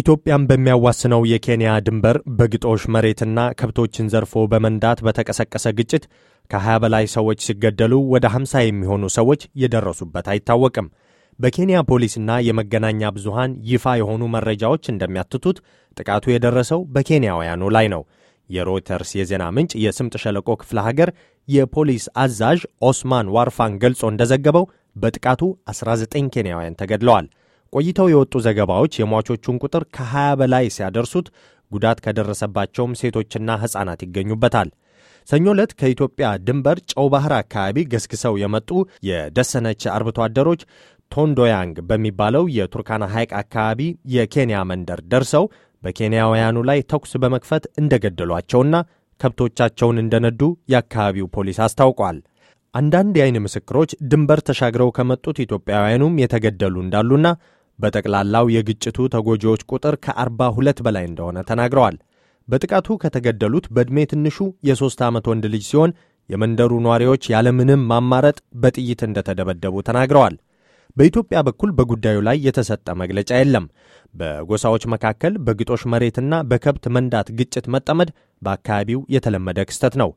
ኢትዮጵያን በሚያዋስነው የኬንያ ድንበር በግጦሽ መሬትና ከብቶችን ዘርፎ በመንዳት በተቀሰቀሰ ግጭት ከ20 በላይ ሰዎች ሲገደሉ ወደ 50 የሚሆኑ ሰዎች የደረሱበት አይታወቅም። በኬንያ ፖሊስና የመገናኛ ብዙሃን ይፋ የሆኑ መረጃዎች እንደሚያትቱት ጥቃቱ የደረሰው በኬንያውያኑ ላይ ነው። የሮይተርስ የዜና ምንጭ የስምጥ ሸለቆ ክፍለ ሀገር የፖሊስ አዛዥ ኦስማን ዋርፋን ገልጾ እንደዘገበው በጥቃቱ 19 ኬንያውያን ተገድለዋል። ቆይተው የወጡ ዘገባዎች የሟቾቹን ቁጥር ከ20 በላይ ሲያደርሱት ጉዳት ከደረሰባቸውም ሴቶችና ሕፃናት ይገኙበታል። ሰኞ ዕለት ከኢትዮጵያ ድንበር ጨው ባህር አካባቢ ገስግሰው የመጡ የደሰነች አርብቶ አደሮች ቶንዶያንግ በሚባለው የቱርካና ሐይቅ አካባቢ የኬንያ መንደር ደርሰው በኬንያውያኑ ላይ ተኩስ በመክፈት እንደገደሏቸውና ከብቶቻቸውን እንደነዱ የአካባቢው ፖሊስ አስታውቋል። አንዳንድ የአይን ምስክሮች ድንበር ተሻግረው ከመጡት ኢትዮጵያውያኑም የተገደሉ እንዳሉና በጠቅላላው የግጭቱ ተጎጂዎች ቁጥር ከ42 በላይ እንደሆነ ተናግረዋል። በጥቃቱ ከተገደሉት በዕድሜ ትንሹ የሦስት ዓመት ወንድ ልጅ ሲሆን የመንደሩ ነዋሪዎች ያለምንም ማማረጥ በጥይት እንደተደበደቡ ተናግረዋል። በኢትዮጵያ በኩል በጉዳዩ ላይ የተሰጠ መግለጫ የለም። በጎሳዎች መካከል በግጦሽ መሬትና በከብት መንዳት ግጭት መጠመድ በአካባቢው የተለመደ ክስተት ነው።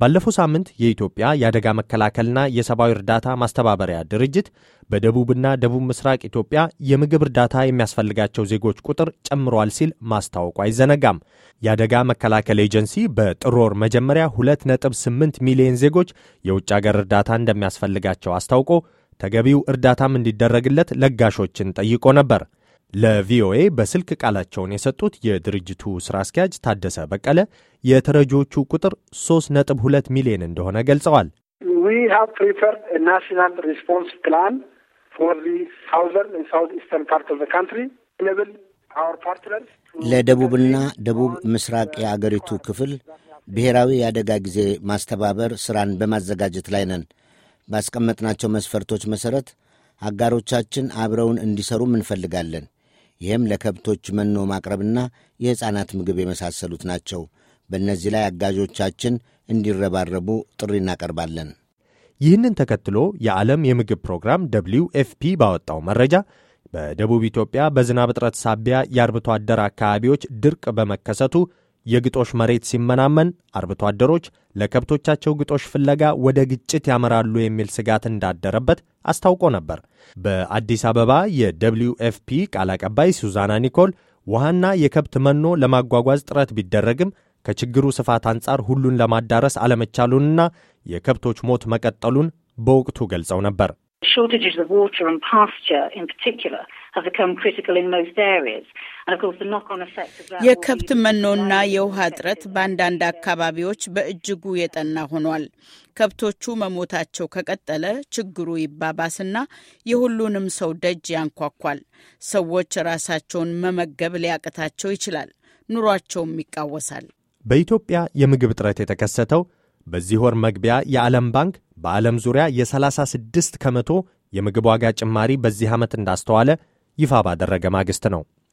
ባለፈው ሳምንት የኢትዮጵያ የአደጋ መከላከልና የሰብአዊ እርዳታ ማስተባበሪያ ድርጅት በደቡብና ደቡብ ምስራቅ ኢትዮጵያ የምግብ እርዳታ የሚያስፈልጋቸው ዜጎች ቁጥር ጨምሯል ሲል ማስታወቁ አይዘነጋም። የአደጋ መከላከል ኤጀንሲ በጥር ወር መጀመሪያ 2.8 ሚሊዮን ዜጎች የውጭ አገር እርዳታ እንደሚያስፈልጋቸው አስታውቆ ተገቢው እርዳታም እንዲደረግለት ለጋሾችን ጠይቆ ነበር። ለቪኦኤ በስልክ ቃላቸውን የሰጡት የድርጅቱ ሥራ አስኪያጅ ታደሰ በቀለ የተረጂዎቹ ቁጥር 3.2 ሚሊዮን እንደሆነ ገልጸዋል። ናሽናል ሪስፖንስ ፕላን ለደቡብና ደቡብ ምስራቅ uh, የአገሪቱ uh, ክፍል ብሔራዊ የአደጋ ጊዜ ማስተባበር ሥራን በማዘጋጀት ላይ ነን። ባስቀመጥናቸው መስፈርቶች መሠረት አጋሮቻችን አብረውን እንዲሠሩም እንፈልጋለን። ይህም ለከብቶች መኖ ማቅረብና የሕፃናት ምግብ የመሳሰሉት ናቸው። በእነዚህ ላይ አጋዦቻችን እንዲረባረቡ ጥሪ እናቀርባለን። ይህንን ተከትሎ የዓለም የምግብ ፕሮግራም ደብሊው ኤፍፒ ባወጣው መረጃ በደቡብ ኢትዮጵያ በዝናብ እጥረት ሳቢያ የአርብቶ አደር አካባቢዎች ድርቅ በመከሰቱ የግጦሽ መሬት ሲመናመን አርብቶ አደሮች ለከብቶቻቸው ግጦሽ ፍለጋ ወደ ግጭት ያመራሉ የሚል ስጋት እንዳደረበት አስታውቆ ነበር። በአዲስ አበባ የደብሊው ኤፍፒ ቃል አቀባይ ሱዛና ኒኮል ውሃና የከብት መኖ ለማጓጓዝ ጥረት ቢደረግም ከችግሩ ስፋት አንጻር ሁሉን ለማዳረስ አለመቻሉንና የከብቶች ሞት መቀጠሉን በወቅቱ ገልጸው ነበር። Shortages of water and pasture in particular have become critical in most areas. የከብት መኖና የውሃ እጥረት በአንዳንድ አካባቢዎች በእጅጉ የጠና ሆኗል። ከብቶቹ መሞታቸው ከቀጠለ ችግሩ ይባባስና የሁሉንም ሰው ደጅ ያንኳኳል። ሰዎች ራሳቸውን መመገብ ሊያቅታቸው ይችላል። ኑሯቸውም ይቃወሳል። በኢትዮጵያ የምግብ እጥረት የተከሰተው በዚህ ወር መግቢያ የዓለም ባንክ በዓለም ዙሪያ የ36 ከመቶ የምግብ ዋጋ ጭማሪ በዚህ ዓመት እንዳስተዋለ ይፋ ባደረገ ማግስት ነው።